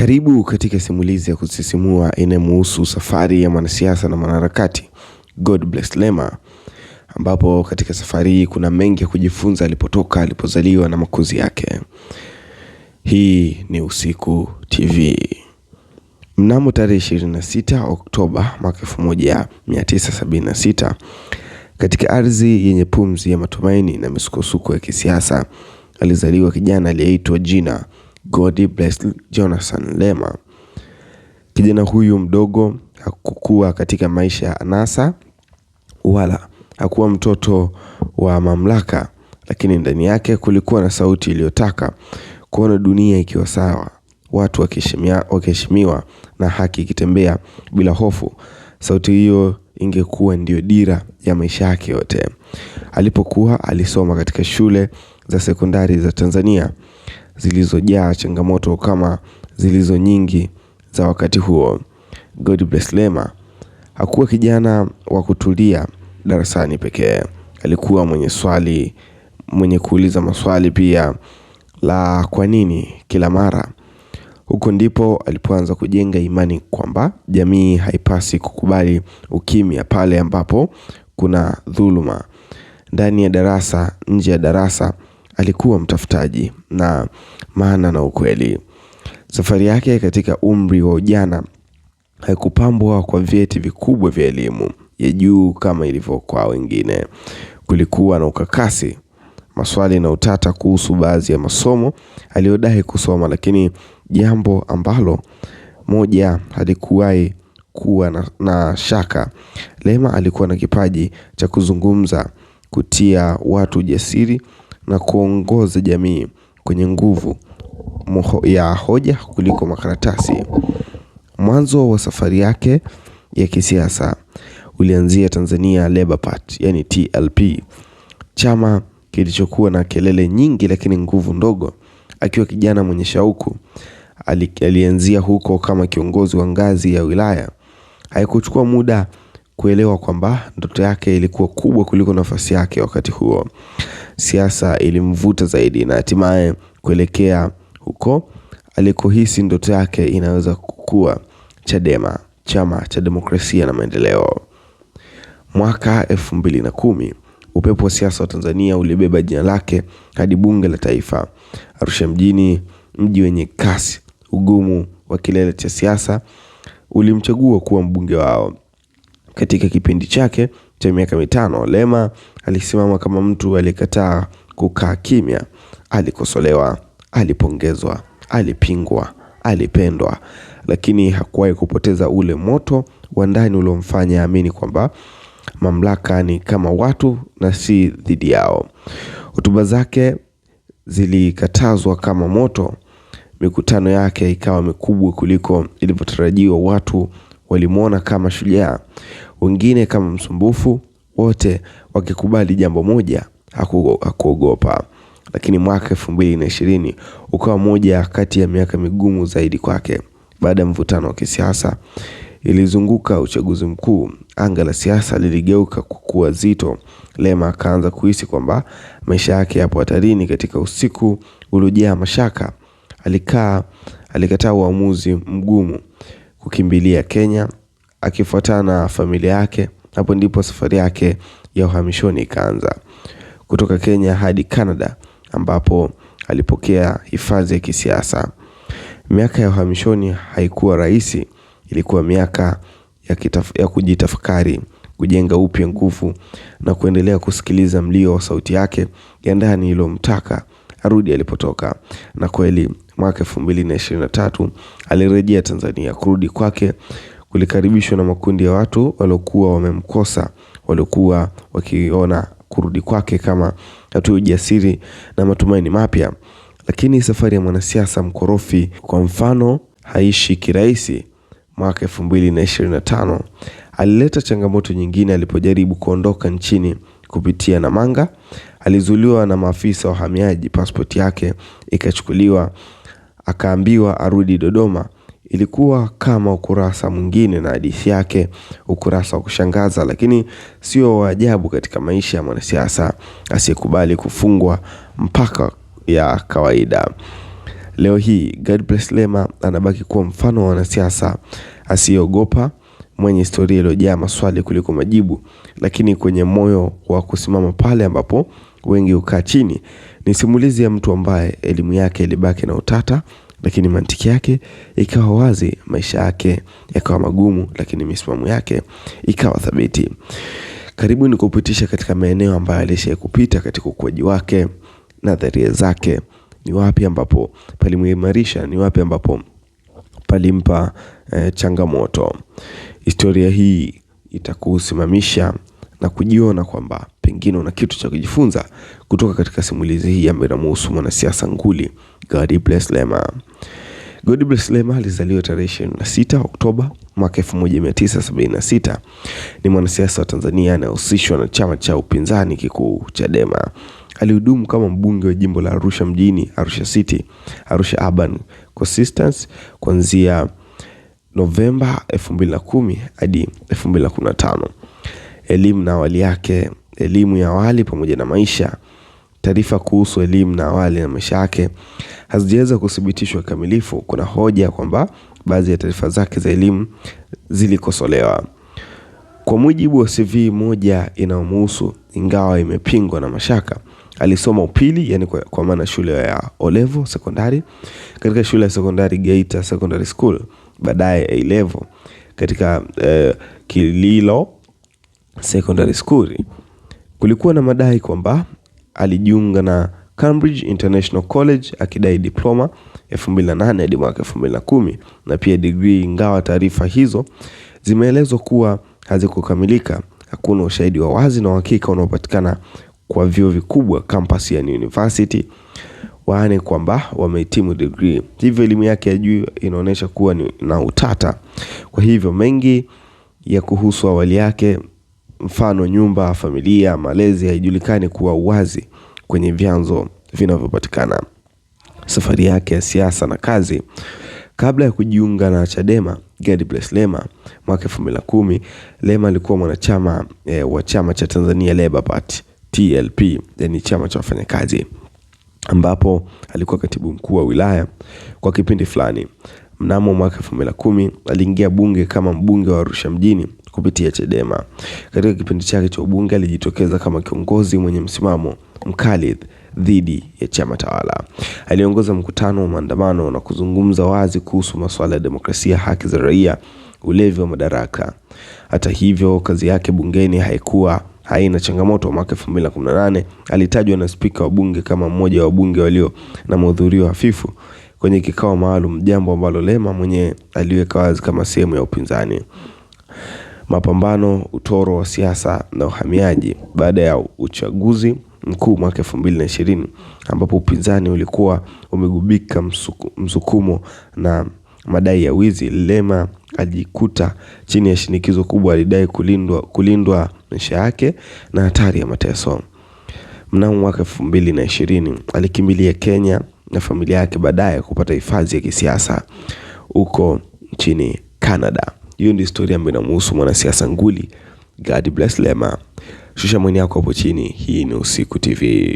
Karibu katika simulizi ya kusisimua inayomuhusu safari ya mwanasiasa na mwanaharakati Godbless Lema, ambapo katika safari hii kuna mengi ya kujifunza, alipotoka, alipozaliwa na makuzi yake. Hii ni Usiku TV. Mnamo tarehe 26 Oktoba mwaka 1976 katika ardhi yenye pumzi ya matumaini na misukosuko ya kisiasa, alizaliwa kijana aliyeitwa Jina bless Jonathan Lema. Kijana huyu mdogo hakukua katika maisha ya anasa wala hakuwa mtoto wa mamlaka, lakini ndani yake kulikuwa na sauti iliyotaka kuona dunia ikiwa sawa, watu wakiheshimiwa na haki ikitembea bila hofu. Sauti hiyo ingekuwa ndiyo dira ya maisha yake yote. Alipokuwa alisoma katika shule za sekondari za Tanzania, zilizojaa changamoto kama zilizo nyingi za wakati huo. Godbless Lema hakuwa kijana wa kutulia darasani pekee. Alikuwa mwenye swali, mwenye kuuliza maswali pia la kwa nini kila mara. Huko ndipo alipoanza kujenga imani kwamba jamii haipasi kukubali ukimya pale ambapo kuna dhuluma. Ndani ya darasa, nje ya darasa alikuwa mtafutaji na maana na ukweli. Safari yake katika umri wa ujana haikupambwa kwa vyeti vikubwa vya elimu ya juu kama ilivyo kwa wengine. Kulikuwa na ukakasi, maswali na utata kuhusu baadhi ya masomo aliyodai kusoma, lakini jambo ambalo moja halikuwahi kuwa na, na shaka. Lema alikuwa na kipaji cha kuzungumza, kutia watu ujasiri na kuongoza jamii kwenye nguvu ya hoja kuliko makaratasi. Mwanzo wa safari yake ya kisiasa ulianzia Tanzania Labour Party, yani TLP, chama kilichokuwa na kelele nyingi lakini nguvu ndogo. Akiwa kijana mwenye shauku, alianzia huko kama kiongozi wa ngazi ya wilaya. Haikuchukua muda kuelewa kwamba ndoto yake ilikuwa kubwa kuliko nafasi yake wakati huo. Siasa ilimvuta zaidi na hatimaye kuelekea huko alikohisi ndoto yake inaweza kukua Chadema, chama cha demokrasia na maendeleo. Mwaka elfu mbili na kumi upepo wa siasa wa Tanzania ulibeba jina lake hadi bunge la Taifa. Arusha mjini, mji wenye kasi, ugumu wa kilele cha siasa, ulimchagua kuwa mbunge wao. Katika kipindi chake cha miaka mitano, Lema alisimama kama mtu aliyekataa kukaa kimya. Alikosolewa, alipongezwa, alipingwa, alipendwa, lakini hakuwahi kupoteza ule moto wa ndani uliomfanya amini kwamba mamlaka ni kama watu na si dhidi yao. Hotuba zake zilikatazwa kama moto, mikutano yake ikawa mikubwa kuliko ilivyotarajiwa, watu walimwona kama shujaa, wengine kama msumbufu, wote wakikubali jambo moja, hakuogopa. Lakini mwaka elfu mbili na ishirini ukawa moja kati ya miaka migumu zaidi kwake. Baada ya mvutano wa kisiasa ilizunguka uchaguzi mkuu, anga la siasa liligeuka kuwa zito. Lema akaanza kuhisi kwamba maisha yake yapo hatarini. Katika usiku uliojaa mashaka, alikaa alikataa uamuzi mgumu kukimbilia Kenya akifuatana na familia yake. Hapo ndipo safari yake ya uhamishoni ikaanza kutoka Kenya hadi Canada ambapo alipokea hifadhi ya kisiasa. Miaka ya uhamishoni haikuwa rahisi, ilikuwa miaka ya, ya kujitafakari, kujenga upya nguvu na kuendelea kusikiliza mlio wa sauti yake ya ndani iliyomtaka arudi alipotoka. Na kweli mwaka 2023 alirejea Tanzania. Kurudi kwake kulikaribishwa na makundi ya watu waliokuwa wamemkosa, waliokuwa wakiona kurudi kwake kama hatua ujasiri na matumaini mapya. Lakini safari ya mwanasiasa mkorofi kwa mfano haishi kirahisi. Mwaka 2025 alileta changamoto nyingine alipojaribu kuondoka nchini kupitia Namanga. Alizuiliwa na maafisa wa uhamiaji, pasipoti yake ikachukuliwa, akaambiwa arudi Dodoma. Ilikuwa kama ukurasa mwingine na hadithi yake, ukurasa wa kushangaza, lakini sio wa ajabu katika maisha ya mwanasiasa asiyekubali kufungwa mpaka ya kawaida. Leo hii Godbless Lema anabaki kuwa mfano wa wanasiasa asiyeogopa, mwenye historia iliyojaa maswali kuliko majibu lakini kwenye moyo wa kusimama pale ambapo wengi hukaa chini. Ni simulizi ya mtu ambaye elimu yake ilibaki na utata, lakini mantiki yake ikawa wazi, maisha yake yakawa magumu, lakini misimamo yake ikawa thabiti. Karibu ni kupitisha katika maeneo ambayo alishawahi kupita katika ukuaji wake, nadharia zake, ni wapi ambapo palimuimarisha, ni wapi ambapo palimpa eh, changamoto. Historia hii itakusimamisha na kujiona kwamba pengine una kitu cha kujifunza kutoka katika simulizi hii ambayo inamhusu mwanasiasa nguli bless Lema. bless Lema alizaliwa tarehe 26 Oktoba mwaka 1976. Ni mwanasiasa wa Tanzania anayehusishwa na chama cha upinzani kikuu Chadema. Alihudumu kama mbunge wa jimbo la Arusha mjini, Arusha City, Arusha Urban Consistency kuanzia Novemba 2010 hadi 2015 elimu na awali yake, elimu ya awali pamoja na maisha. Taarifa kuhusu elimu na awali na maisha yake hazijaweza kuthibitishwa kikamilifu. Kuna hoja kwamba baadhi ya taarifa zake za elimu zilikosolewa. Kwa mujibu wa CV moja inayomhusu, ingawa imepingwa na mashaka, alisoma upili, yani kwa, kwa maana shule ya olevo sekondari katika shule ya sekondari Geita Secondary School, baadaye A level katika eh, Kililo secondary school kulikuwa na madai kwamba alijiunga na Cambridge International College akidai diploma 2008 hadi mwaka 2010 na pia degree, ingawa taarifa hizo zimeelezwa kuwa hazikukamilika. Hakuna ushahidi wa wazi na uhakika unaopatikana kwa vyuo vikubwa campus ya university waane kwamba wamehitimu degree, hivyo elimu yake ya juu inaonyesha kuwa ni na utata. Kwa hivyo mengi ya kuhusu awali yake mfano nyumba, familia, malezi haijulikani kuwa uwazi kwenye vyanzo vinavyopatikana. Safari yake ya siasa na kazi Kabla ya kujiunga na Chadema, God Bless Lema mwaka 2010, Lema alikuwa mwanachama e, wa chama cha Tanzania Labour Party TLP, yani chama cha wafanyakazi, ambapo alikuwa katibu mkuu wa wilaya kwa kipindi fulani. Mnamo mwaka 2010 aliingia bunge kama mbunge wa Arusha mjini kupitia Chadema. Katika kipindi chake cha ubunge alijitokeza kama kiongozi mwenye msimamo mkali dhidi ya chama tawala. Aliongoza mkutano wa maandamano na kuzungumza wazi kuhusu masuala ya demokrasia, haki za raia, ulevi wa madaraka. Hata hivyo, kazi yake bungeni haikuwa haina changamoto. Mwaka 2018 alitajwa na spika wa bunge kama mmoja wa wabunge walio na mahudhurio hafifu kwenye kikao maalum, jambo ambalo Lema mwenyewe aliweka wazi kama sehemu ya upinzani mapambano, utoro wa siasa na uhamiaji baada ya uchaguzi mkuu mwaka elfu mbili na ishirini ambapo upinzani ulikuwa umegubika msuku, msukumo na madai ya wizi. Lema alijikuta chini ya shinikizo kubwa, alidai kulindwa, kulindwa maisha yake na hatari ya mateso. Mnamo mwaka elfu mbili na ishirini alikimbilia Kenya na familia yake, baadaye kupata hifadhi ya kisiasa huko nchini Canada. Hiyo ndio historia ambayo inamhusu mwanasiasa nguli God bless Lema. Shusha maoni yako hapo chini. Hii ni Usiku TV.